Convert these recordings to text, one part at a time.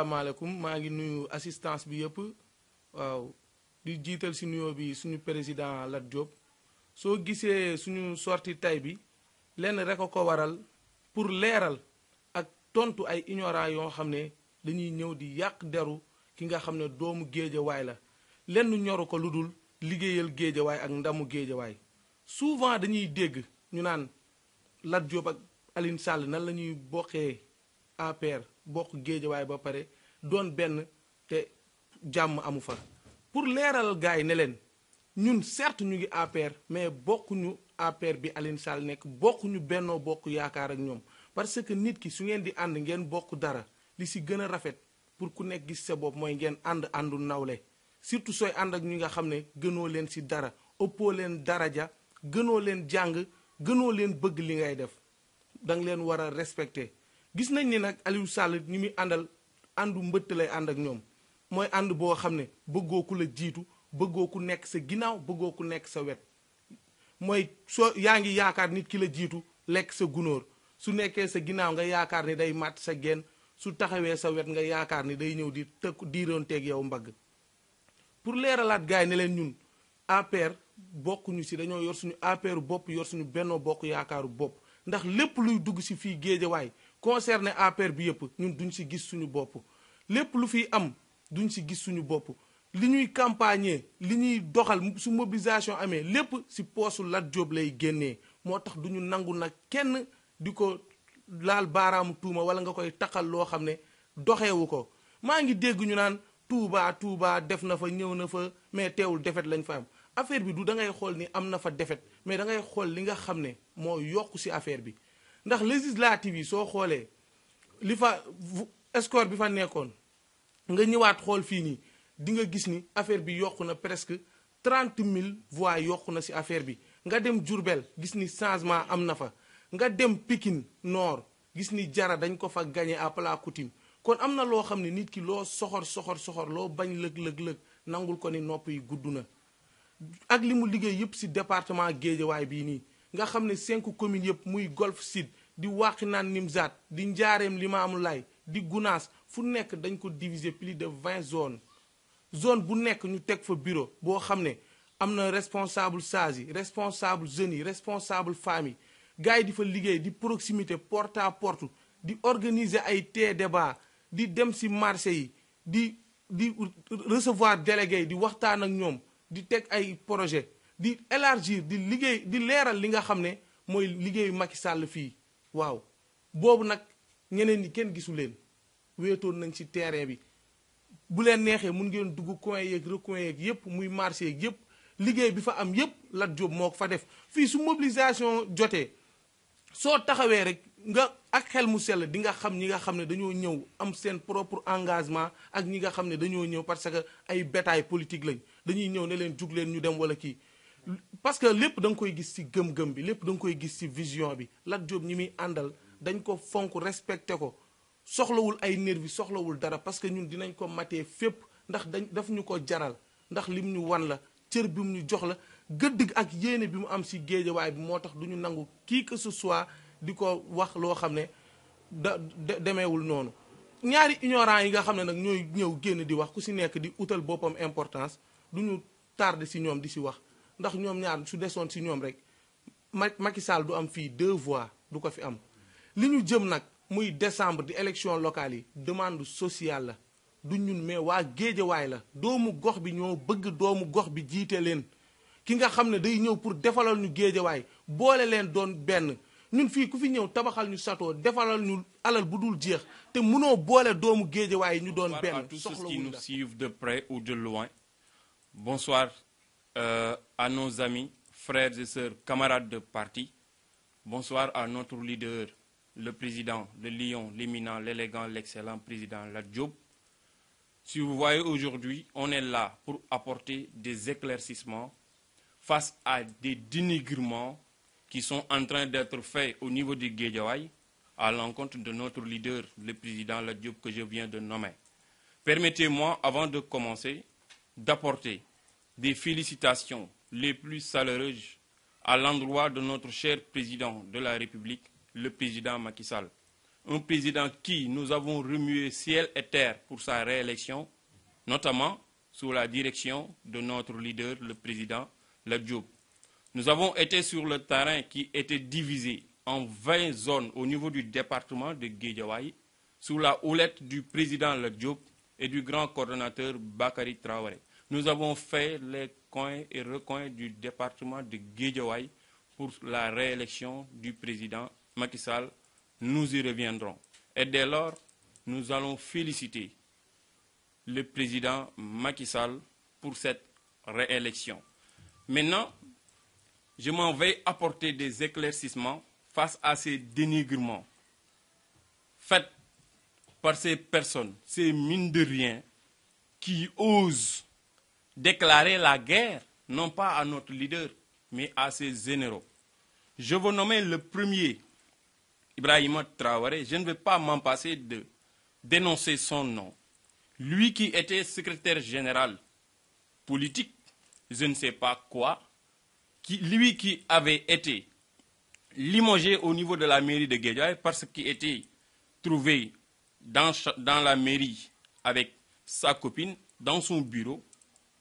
asalaamaaleykum maa ngi nuyu assistance bi yëpp waaw di jiital si nuyoo bi suñu président Lat Diop soo gisee suñu sortie tay bi lenn rek a ko waral pour leeral ak tontu ay ignorant yoo xam ne dañuy ñëw di yàq deru ki nga xam ne doomu géejawaay la lenn ñoru ko lu dul liggéeyal géejawaay ak ndamu géejawaay souvent dañuy dégg ñu naan Lat Diop ak Alioune Sall nan la ñuy bokkee APR bokk géejawaay ba pare doon benn te jàmm amu fa pour leeral gars yi ne leen ñun certes ñu ngi APR mais bokku ñu APR bi Alioune Sall nekk bokkuñu bennoo bokk yaakaar ak ñoom parce que nit ki su ngeen di ànd ngeen bokk dara li si gën a rafet pour ku nekk gis sa bopp mooy ngeen ànd àndu nawle surtout sooy ànd ak ñi nga xam ne gënoo leen si dara ëppoo leen dara ja gënoo leen jàng gënoo leen bëgg li ngay def danga leen war a respecté gis nañ ne nag Aliou Sall ni muy àndal àndu mbëtt lay ànd ak ñoom mooy ànd boo xam ne bëggoo ku la jiitu bëggoo ku nekk sa ginnaaw bëggoo ku nekk sa wet mooy soo yaa ngi yaakaar nit ki la jiitu lekk sa gunóor su nekkee sa ginnaaw nga yaakaar ni day màtt sa genn su taxawee sa wet nga yaakaar ni day ñëw di tëkk diiroonteeg yow mbagg pour leeralaat gars ne leen ñun APR bokkuñu si dañoo yor suñu APR bopp yor suñu bennoo bokk yaakaaru bopp ndax lépp luy dugg si fii géejawaay concerné APR bi yëpp ñun duñ si gis suñu bopp lépp lu fi am duñ si gis suñu bopp li ñuy campagner li ñuy doxal su mobilisation amee lépp si poosu Lat Diop lay génnee moo tax du ñu nangu nag kenn di ko laal baaraamu tuuma wala nga koy taqal loo xam ne doxewu ko maa ngi dégg ñu naan Touba Touba def na fa ñëw na fa mais teewul defet lañ fa am affaire bi du da ngay xool ni am na fa defet mais da ngay xool li nga xam ne moo yokk si affaire bi ndax législative yi soo xoolee li fa score bi fa nekkoon nga ñëwaat xool fii nii di nga gis ni affaire bi yokk na presque trente mille voix yokk na si affaire bi nga dem Diourbel gis ni changement am na fa nga dem pikin noor gis ni jara dañ ko fa gagné à plat kon am na loo xam ne nit ki loo soxor soxor soxor loo bañ lëg-lëg-lëg nangul ko ni nopp yi gudd na ak li mu liggéey yëpp si département Guédiawaay bii nii nga xam ne cinq communes yëpp muy Golf Sud di Wakhinane Nimzatt di Ndiarème Limamoulaye di Gounass fu nekk dañ ko diviser plus de vingt zones zone bu nekk ñu teg fa bureau boo xam ne am na responsable sages yi responsable jeunes yi responsable femmes yi gars yi di fa liggéey di proximité porte à porte di organiser ay tee débat di dem si marché yi di di recevoir délégué yi di waxtaan ak ñoom di teg ay projet di élargir di liggéey di leeral li nga xam ne mooy liggéeyu Macky Sall fii waaw boobu nag ñeneen yi kenn gisu leen wéetoon nañ ci terrain bi bu leen neexee mun ngeen dugg coin yeeg recoin yeeg yëpp muy marché yeeg yëpp liggéey bi fa am yëpp Lat Diop moo ko fa def fii su mobilisation jotee soo taxawee rek nga ak xel mu sell di nga xam ñi nga xam ne dañoo ñëw am seen propre engagement ak ñi nga xam ne dañoo ñëw parce que ay bétail politique lañ dañuy ñëw ne leen jug ñu dem wala kii parce que lépp danga koy gis ci gëm-gëm bi lépp da nga koy gis ci vision bi Lat Diop ñi muy àndal dañ ko fonk respecté ko soxlawul ay nervi soxlawul dara parce que ñun dinañ ko matee fépp ndax dañ daf ñu ko jaral ndax lim ñu wan la cër bi mu ñu jox la gëdd ak yéene bi mu am ci géejawaay bi moo tax du ñu nangu kii que ce di ko wax loo xam ne da demeewul noonu ñaari ignorant yi nga xam ne nag ñooy ñëw génn di wax ku ci nekk di utal boppam importance du ñu tardé ci ñoom di ci wax ndax ñoom ñaar su ci rek Macky Sall du am fii deux voix du ko fi am li ñu jëm décembre di élection locale yi demande sociale la du ñun mais waa géejawaay la doomu gox bi ñoo bëgg doomu gox bi jiite leen ki nga xam day ñëw pour defalal ñu géejawaay boole leen doon benn ñun fii ku fi ñëw tabaxal ñu satoo defalal ñu alal bu dul jeex te boole doomu de près ou de loin bonsoir euh, à nos amis, frères et sœurs, camarades de parti. Bonsoir à notre leader, le président, le lion, l'éminent, l'élégant, l'excellent président, la Si vous voyez aujourd'hui, on est là pour apporter des éclaircissements face à des dénigrements qui sont en train d'être faits au niveau du Guédiawaï à l'encontre de notre leader, le président Ladjoub, que je viens de nommer. Permettez-moi, avant de commencer, d'apporter des félicitations les plus chaleureuses à l'endroit de notre cher président de la République, le président Macky Sall. Un président qui nous avons remué ciel et terre pour sa réélection, notamment sous la direction de notre leader, le président Labdioub. Nous avons été sur le terrain qui était divisé en 20 zones au niveau du département de Guédiawaï, sous la houlette du président Labdioub et du grand coordonnateur Bakary Traoré. Nous avons fait les coins et recoins du département de Guédiawaye pour la réélection du président Macky Sall. Nous y reviendrons. Et dès lors, nous allons féliciter le président Macky Sall pour cette réélection. Maintenant, je m'en vais apporter des éclaircissements face à ces dénigrements faits par ces personnes, ces mines de rien, qui osent déclarer la guerre, non pas à notre leader, mais à ses généraux. Je veux nommer le premier, Ibrahim Traoré. Je ne vais pas m'en passer de dénoncer son nom. Lui qui était secrétaire général politique, je ne sais pas quoi, lui qui avait été limogé au niveau de la mairie de Guédiaï parce qu'il était trouvé dans la mairie avec sa copine, dans son bureau,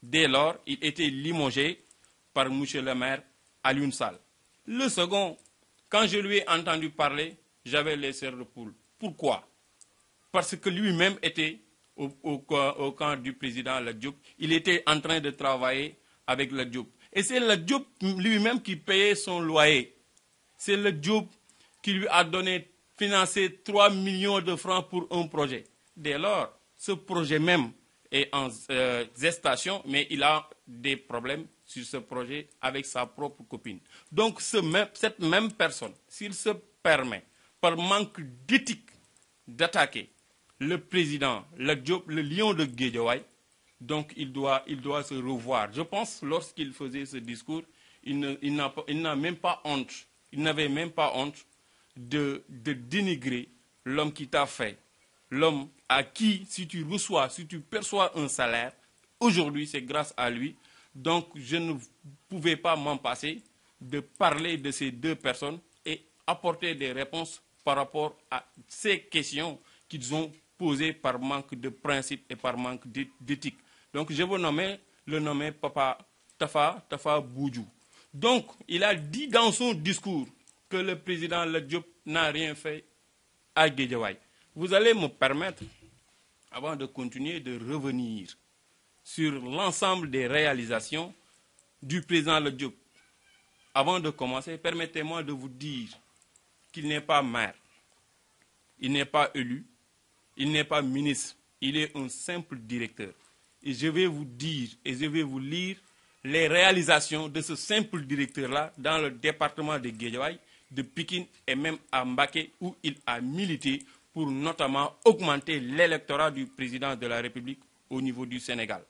Dès lors, il était limogé par M. le maire à l'une salle. Le second, quand je lui ai entendu parler, j'avais laissé le poule. Pourquoi Parce que lui-même était au, au, camp du président Ladjoub. Il était en train de travailler avec Ladjoub. Et c'est Ladjoub lui-même qui payait son loyer. C'est Ladjoub qui lui a donné, financé 3 millions de francs pour un projet. Dès lors, ce projet même et en euh, gestation, mais il a des problèmes sur ce projet avec sa propre copine. Donc cette même personne, s'il se permet, par manque d'éthique, d'attaquer le président, le, lion de Guédiouaï, donc il doit, il doit se revoir. Je pense lorsqu'il faisait ce discours, il n'a même pas honte, il n'avait même pas honte de, de dénigrer l'homme qui t'a fait, l'homme à qui, si tu reçois, si tu perçois un salaire, aujourd'hui, c'est grâce à lui. Donc, je ne pouvais pas m'en passer de parler de ces deux personnes et apporter des réponses par rapport à ces questions qu'ils ont posées par manque de principe et par manque d'éthique. Donc, je vous le nommer Papa Tafa, Tafa Boudjou. Donc, il a dit dans son discours que le président Le n'a rien fait à Guédiawaye. Vous allez me permettre avant de continuer de revenir sur l'ensemble des réalisations du président Le Diop. Avant de commencer, permettez-moi de vous dire qu'il n'est pas maire, il n'est pas élu, il n'est pas ministre, il est un simple directeur. Et je vais vous dire et je vais vous lire les réalisations de ce simple directeur-là dans le département de Guédiouaï, de Pékin et même à Mbake où il a milité pour notamment augmenter l'électorat du président de la République au niveau du Sénégal.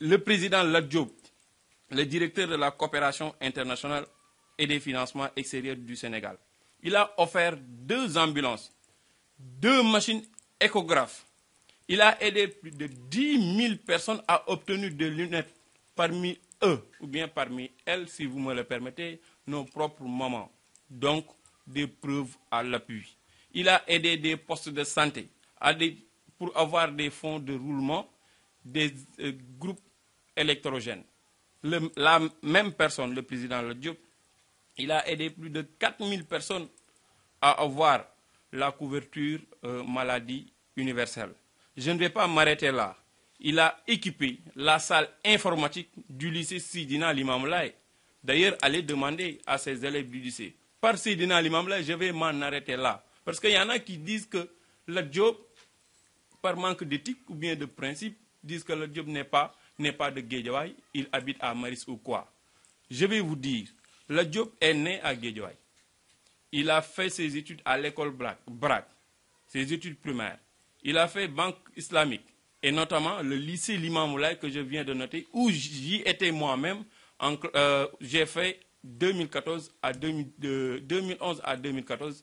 Le président Ladjoub, le directeur de la coopération internationale et des financements extérieurs du Sénégal, il a offert deux ambulances, deux machines échographes. Il a aidé plus de 10 000 personnes à obtenir des lunettes, parmi eux, ou bien parmi elles, si vous me le permettez, nos propres mamans. Donc, des preuves à l'appui. Il a aidé des postes de santé pour avoir des fonds de roulement des euh, groupes électrogènes. la même personne, le président Le Diop, il a aidé plus de 4000 personnes à avoir la couverture euh, maladie universelle. Je ne vais pas m'arrêter là. Il a équipé la salle informatique du lycée Sidina Limamlaï. D'ailleurs, allez demander à ses élèves du lycée. Par Sidina Limamlaï, je vais m'en arrêter là. Parce qu'il y en a qui disent que le job, par manque d'éthique ou bien de principe, disent que le job n'est pas, pas de Guédiawaï, il habite à Maris ou quoi. Je vais vous dire, le job est né à Guédiawaï. Il a fait ses études à l'école BRAC, ses études primaires. Il a fait banque islamique et notamment le lycée Limamoulaye que je viens de noter, où j'y étais moi-même. Euh, j'ai fait 2014 à 2011 à 2014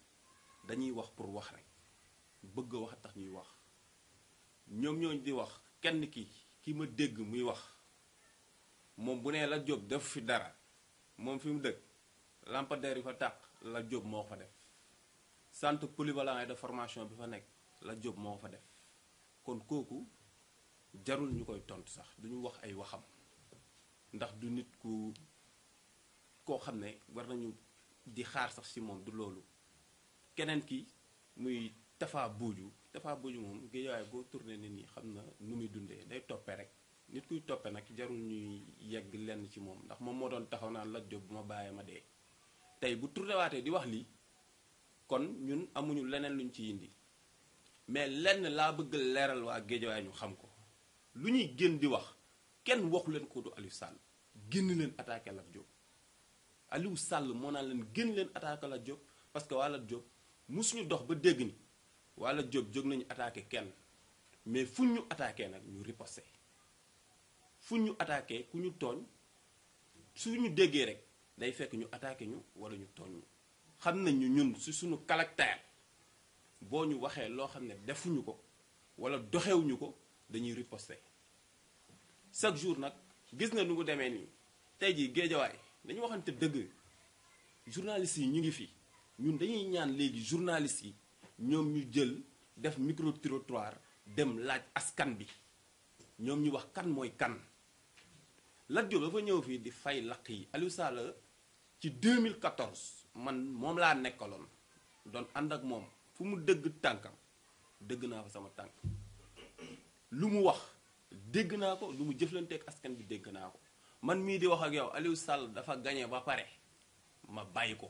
dañuy wax pour wax rek bëgg a wax tax ñuy wax ñoom ñooñu di wax kenn ki ki ma dégg muy wax moom bu nee la jóob def fi dara moom fi mu dëkk lampadaire yi fa tàq la jóob moo fa def centre polyvalent de formation bi fa nekk la jóob moo fa def kon kooku jarul ñu koy tontu sax duñu wax ay waxam ndax du nit ku koo xam ne war nañu di xaar sax ci moom du loolu keneen ki muy Tafa Booju Tafa Booju moom géejawaay boo tourné nit ñi xam na nu muy dundee day toppee rek nit kuy toppe nag jarul ñuy yegg lenn ci moom ndax moom moo doon taxaw naa Lat Diop bu ma bàyyee ma dee tey bu tourné di wax lii kon ñun amuñu leneen luñ ci indi mais lenn laa bëgg leeral waa géejawaay ñu xam ko lu ñuy génn di wax kenn waxu leen ko du Aliou Sall génn leen attaqué Lat Diop Aliou sàll moo naan leen génn leen attaqué Lat Diop parce que waa Lat mu suñu dox ba dégg ni wala Diop jóg nañu attaqué kenn mais fu ñu attaqué nag ñu riposté fu ñu attaqué ku ñu tooñ suñu déggee rek day fekk ñu attaqué ñu wala ñu tooñ ñu xam nañ ñu ñun si suñu caractère boo ñu waxee loo xam ne defuñu ko wala doxewuñu ko dañuy riposte chaque jour nag gis na du mu demee nii tey jii géejawaay dañu waxante dëgg journaliste yi ñu ngi fii ñun dañuy ñaan léegi journalistes yi ñoom ñu jël def micro trottoir dem laaj askan bi ñoom ñu wax kan mooy kan. Lat Diop dafa ñëw fii di fay laq yi Aliou Sall ci 2014 man moom laa nekkaloon doon ànd ak moom fu mu dëgg tànkam dëgg naa ko sama tànk lu mu wax dégg naa ko lu mu jëflanteeg askan bi dégg naa ko man mii di wax ak yow Aliou Sall dafa gañe ba pare ma bàyyi ko.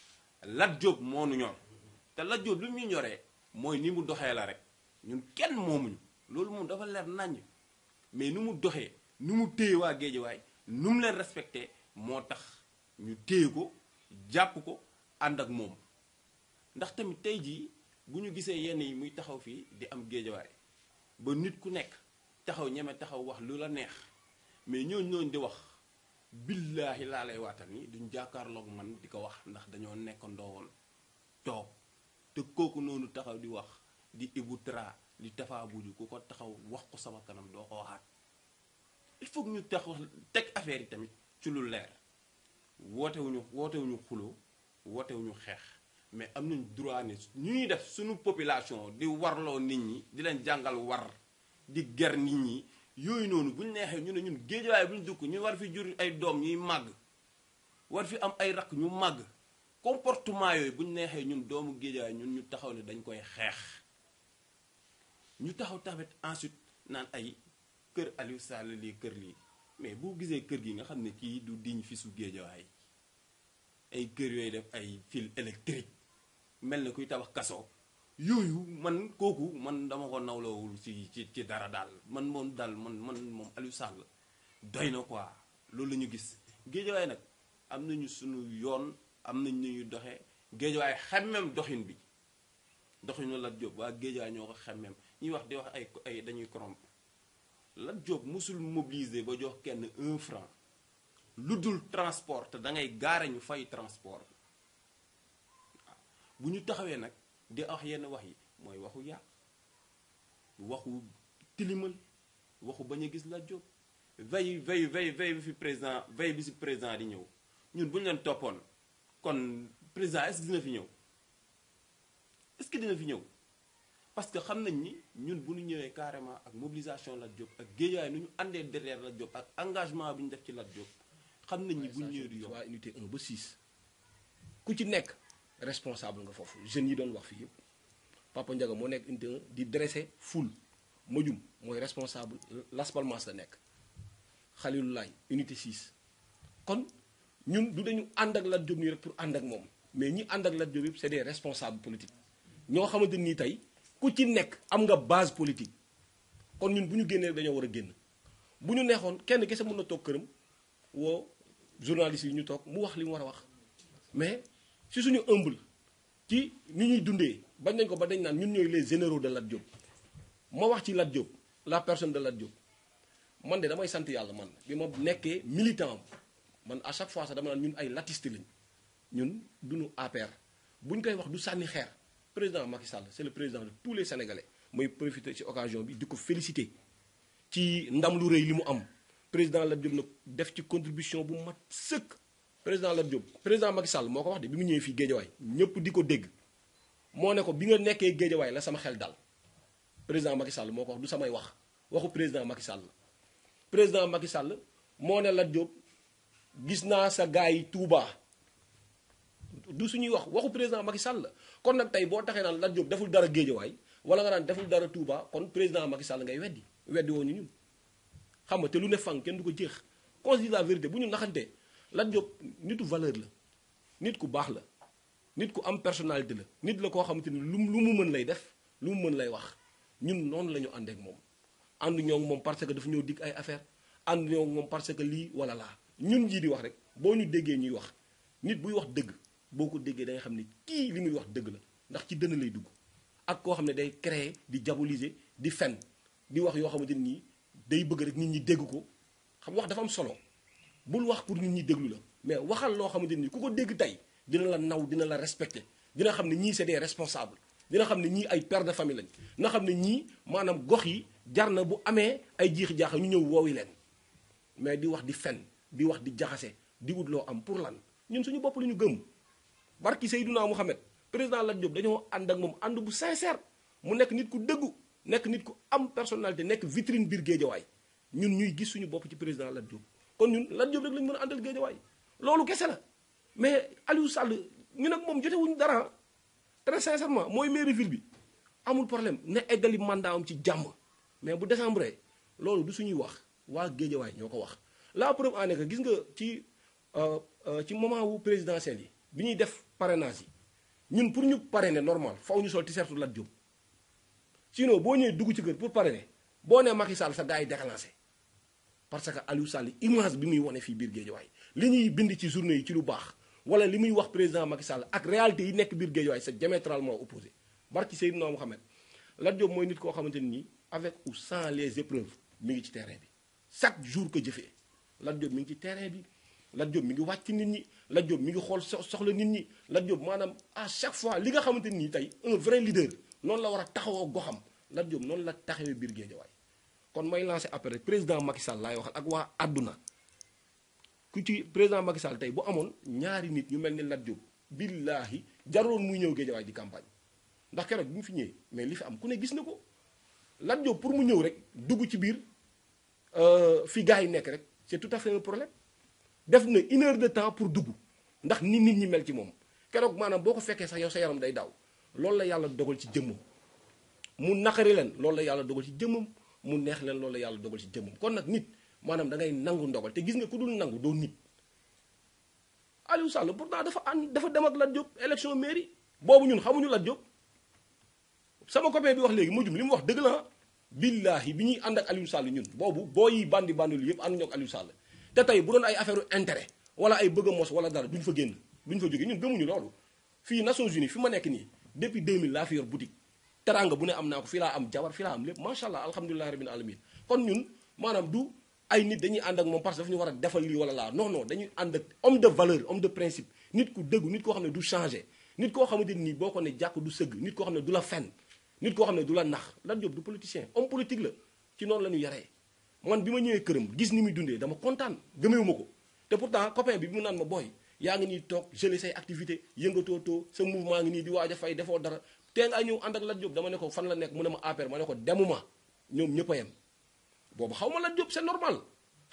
Lat Diop moo nu ñor te Lat Diop lu mu ñoree mooy ni mu doxee la rek ñun kenn moomuñu loolu moom dafa leer naññ mais nu mu doxee nu mu téye waa géejawaay nu mu leen respecté moo tax ñu téye ko jàpp ko ànd ak moom ndax tamit tey jii bu ñu gisee yenn yi muy taxaw fii di am géejawaay ba nit ku nekk taxaw ñeme taxaw wax lu la neex mais ñooñ ñooñu di wax billaahi laa lay waatal ni duñ jàkkaarloog man di ko wax ndax dañoo nekkandoo woon toog te kooku noonu taxaw di wax di Ibou traa di Tafa Boudiou ku ko taxaw wax ko sama kanam doo ko waxaat il faut ñu taxaw teg affaire yi tamit ci lu leer wootewuñu wootewuñu xuloo wootewuñu xeex mais am nañ droit ne ñu ñuy def suñu population di warloo nit ñi di leen jàngal war di ger nit ñi yooyu noonu bu ñu neexee ñu ne ñun géejawaay bu ñu dëkk ñu war fi jur ay doom ñuy màgg war fi am ay rakk ñu màgg comportement yooyu bu neexee ñun doomu géejawaay ñun ñu taxaw ne dañ koy xeex ñu taxaw tamit ensuite naan ay kër Aliou Sall lii kër lii mais boo gisee kër gi nga xam ne kii du diñ fi su géejawaay ay kër yooyu def ay fil électrique mel na kuy tabax kaso yooyu man kooku man dama ko nawlawul ci ci ci dara daal man moom daal man man moom Aliou Sall doy na quoi loolu la ñu gis géejawaay nag am nañu suñu yoon am nañ ñu doxee géejawaay xemmem doxin bi doxinu Lat job waa géejawaay ñoo ko xemmem ñuy wax di wax ay ay dañuy corrompre Lat Diop mosul mobiliser ba jox kenn un franc lu dul transport te da ngay gaare ñu fay transport bu ñu taxawee nag di wax yenn wax yi mooy waxu yàq waxu tilimal waxu bañ gis la jóg vey vey vey vey bi fi président vey bi si di ñëw ñun ne leen toppoon kon président est-ce que dina fi est-ce que dina fi parce que xam nañ ni ñun bu ñu carrément ak mobilisation la ak géejaay nu ñu derrière la ak engagement bi ñu def ci la Je xam ni responsable nga fofu jeune yi doon wax fi yëpp Papa Ndiaga mo nek unité di dresser foule Modjoum moy responsable Las Palmas la nekk Khalilou Laye unité 6 kon ñun du dañu and ak Lat Diop nii rek pour and ak mom mais ñi and ak Lat djob c'est des responsables politiques ño xamanteni nii tey ku ci nek am nga base politique kon ñun buñu génné dañu wara génn buñu nexon kenn kese mëna tok kërëm wo journaliste yi ñu tok mu wax li mu wara wax mais si suñu humble ci ni ñuy dundee bañ si ko ba dañ naan ñun ñooy les généraux de Lat Diop ma wax ci Lat Diop la personne de Lat Diop man de damay sant yàlla man bi militant man à chaque fois sax dama naan ñun ay latiste lañ ñun duñu APR buñ koy wax du sànni xeer président Macky Sall c'est le président de tous les Sénégalais mooy profiter ci occasion bi di féliciter ci ndam lu rëy li mu am président Lat Diop a def ci contribution bu mat président Lat Diop président Macky Sall moo ko wax de bi mu ñëwee fii géejawaay ñëpp di ko dégg moo ne ko bi nga nekkee géejawaay la sama xel dal président Macky Sall moo ko wax samay wax waxu président Macky Sall président Macky Sall moo ne Lat Diop gis naa sa gars yi Touba du suñuy wax waxu président Macky Sall kon nag tey boo taxee naan Lat Diop deful dara géejawaay wala nga naan deful dara Touba kon président Macky Sall ngay weddi weddi woo ñu ñun xam nga te lu ne fang kenn du ko jeex qu'on se dise la vérité bu ñu naxante Lat Diop nitu valeur la nit ku baax la nit ku am personnalité la nit la koo xamante ni lu lu mu mën lay def lu mu mën lay wax ñun noonu la ñu àndeek moom ànd ñoo moom parce que dafa ñëw digg ay affaire ànd ñoo moom parce que lii wala laa ñun jii di wax rek boo ñu déggee ñuy wax nit buy wax dëgg boo ko déggee da xam ne kii li muy wax dëgg la ndax ci dënn lay dugg ak koo xam ne day créer di diaboliser di fen di wax yoo xamante ni day bëgg rek nit ñi dégg ko xam wax dafa am solo bul wax pour nit ñi déglu la mais waxal loo xamante ni ku ko dégg tey dina la naw dina la respecté dina xam ne ñii c'est responsable responsables dina xam ne ñii ay père de famille lañ dina xam ne ñii maanaam gox yi jar na bu amee ay jiixi jaaxa ñu ñëw woowi leen mais di wax di fen di wax di jaxase di wut loo am pour lan ñun suñu bopp lu ñu gëm barki Seydunaa Muhammad président Lat Diop dañoo ànd ak moom ànd bu sincère mu nekk nit ku dëggu nekk nit ku am personnalité nekk vitrine biir géejawaay ñun ñuy gis suñu bopp ci président Lat Diop kon ñun Lat Diop rek lañ mën a àndal Géejawaay loolu kese la mais Aliou Sall ñu ak moom jotewuñu dara très sincèrement mooy mairie ville bi amul problème na eggali mandat am ci jàmm mais bu décembre loolu du suñuy wax waa Géejawaay ñoo ko wax. la preuve en est gis nga ci euh, euh, ci moment wu présidentiel yi bi ñuy def parrainage yi ñun pour ñu ne normal faw ñu sol t-shirt Lat Diop sinon boo ñëwee dugg ci kër pour parrainer boo nee Macky Sall sa gars yi déclenché. parce que Aliou Sall image bi muy woné fi bir Guédiawaye li ñuy bind ci journée yi ci lu bax wala li muy wax président Macky Sall ak réalité yi nekk biir Guédiawaye c'est diamétralement opposé barki Seydina Mohamed la djom moy nit ko xamanteni ni avec ou sans les épreuves mi ngi ci terrain bi chaque jour que jëfé la djom mi ngi ci terrain bi la djom mi ngi wacc nit ñi la djom mi ngi xol soxla nit ñi la djom manam à chaque fois li nga xamanteni ni tey un vrai leader non la wara taxaw taxawoo goxam la djom non la taxawee biir Guédiawaye kon may lancer appel rek président Macky Sall lay waxal ak wa aduna ku ci président Macky Sall tay bu amone ñaari nit ñu melni ni Lat Diop billaahi jaroon muy ñëw di campagne ndax kérok bu mu fi ñew mais li fi am ku ne gis nako ko Lat Diop pour mu ñew rek duggu ci euh fi gaay nek rek c'est tout à fait un problème def na une heure de temps pour duggu ndax ni nit ñi mel ci mom kérok manam boko fekke sax yow sa yaram day daw loolu la yalla dogal ci jëmmam mu nakari len loolu la yalla dogal ci mu neex leen loolu yàlla dogal ci jëmmam kon nag nit maanaam da ngay nangu ndogal te gis nga ku dul nangu doo nit Aliou Sall pourtant dafa ànd dafa dem ak Lat Diop élection mairie boobu ñun xamuñu Lat Diop sama copain bi wax léegi mujum li mu wax dëgg la billahi bi ñuy ànd ak Aliou Sall ñun boobu boo yi bandi bandi lu yëpp ànduñu ak Aliou Sall te tey bu doon ay affaire intérêt wala ay bëgg mos wala dara duñ fa génn duñ fa jóge ñun gëmuñu loolu fii Nations Unies fi ma nekk nii depuis 2000 laa fi yor boutique teraanga bu ne am naa ko fii laa am jabar fii laa am lépp macha allah alhamdulilah rabbil alamin kon ñun maanaam du ay nit dañuy ànd ak moom parce dafa ñu war a defal lii wala laa non non dañuy ànd ak homme de valeur homme de principe nit ku dëggu nit koo xam ne du changé nit koo xamante nii boo ko ne jàkk du sëgg nit koo xam ne du la fen nit koo xam ne du la nax la Diop du politicien homme politique la ci noonu la ñu yaree man bi ma ñëwee këram gis ni muy dundee dama kontaan gëmeewu ma ko te pourtant copain mu naan ma booy yaa ngi nii toog gelé say activité yëngatootoo sa mouvement ngi nii di waaj a fay defoo dara tee ngaa ñëw ànd ak Lat Diop dama ne ko fan la nekk mu ne ma APR ma ne ko demuma ñoom ñëpp a yem boobu xaw ma Diop c'est normal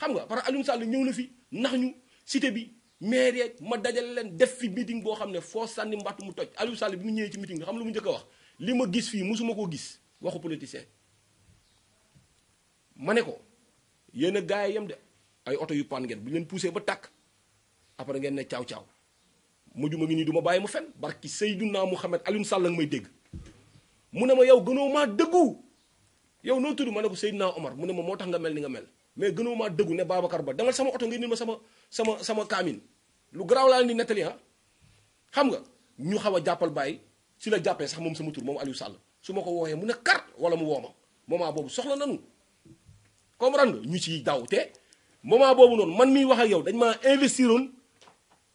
xam nga par que Sall ñëw na fi nax ñu cité bi maire yeeg ma dajale leen def fi meeting boo xam ne foo sànni mbàtt mu toj Aliou Sall bi mu ñëwee ci meeting xam lu mu njëkk a wax li ma gis fii musuma koo gis waxu politicien ma ne ko yéen gaay yam de ay oto yu pan ngeen bu leen poussé ba tàkk après ngeen ne ciao ciao mujj ma ngi nii du mu fen barki sayyiduna muhammad alim Sall nga may deg mu ma yow gënoo ma deggu yow no tuddu manako sayyiduna Omar Muna ma moo nga mel ni nga mel mais gënoo ma deggu ne babakar Ba demal sama auto ngeen ni ma sama sama sama kamin lu graw la ni netali ha ah. xam nga ñu xawa jappal baye ci la jappé sax mom sama tur mom Aliou Sall su ma ko wooyee mu kar wala mu woma ma bobu soxla nañu comprendre ñu ci moma bobu non man mi wax ak yow dañ ma investirone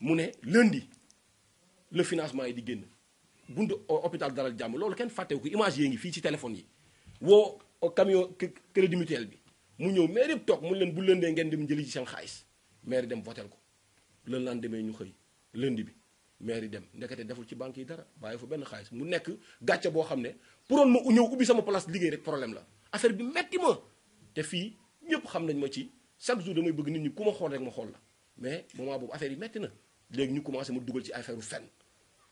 mu ne lundi le financement yi di génn buntu hôpital Dalal Jàmm loolu kenn fàttewu ko image yee ngi fii ci téléphone yi woo camion crédit mutuel bi mu ñëw maire yëpp toog mu leen bu lëndee ngeen dem jëli ci seen xaalis maire dem votel ko le demee ñu xëy lundi bi maire yi dem ndekete deful ci banque yi dara bàyyi fa benn xaalis mu nekk gàcce boo xam ne puroon ma ñëw ubbi sama place liggéey rek problème la affaire bi metti ma te fii ñëpp xam nañ ma ci chaque jour damay bëgg nit ñi ku ma xool rek ma xool mais moment boobu affaire yi metti na léegi ñu commencé ma dugal ci affaire fenn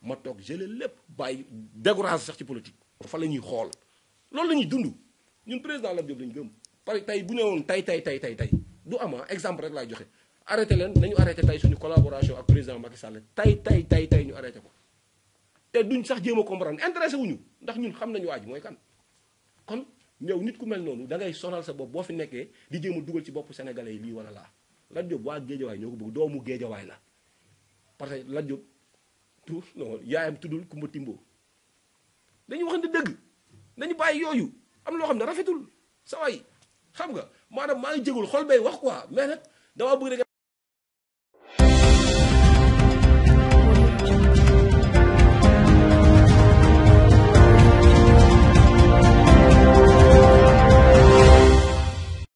ma toog jëlee lépp bàyyi décourage sax ci politique. fa la ñuy xool loolu la ñuy dund ñun président Lat Diop lañ gëm parce tey bu ñëwoon tey tey tey tey tey du am ah, exemple rek laay joxe arrêté leen nañu arrêté tey suñu collaboration ak président Macky Sall tey tey tey tey ñu arrêté ko te duñ sax jéem a comprendre intéressé wuñu ndax ñun xam nañu waa ji mooy kan kon ñëw nit ku mel noonu da ngay sonal sa bopp boo fi nekkee di jéem a dugal ci bopp sénégalais yi lii wala laa Lat Diop waa géejawaay ñoo ko bëgg doomu géejawaay la parce que Lat Diop tuur non yaayam tuddul Kumba Timbo dañu waxante dëgg dañu bàyyi yooyu am loo xam ne rafetul sa waay xam nga maanaam maa ngi jégul bay wax quoi mais nag dama bëgg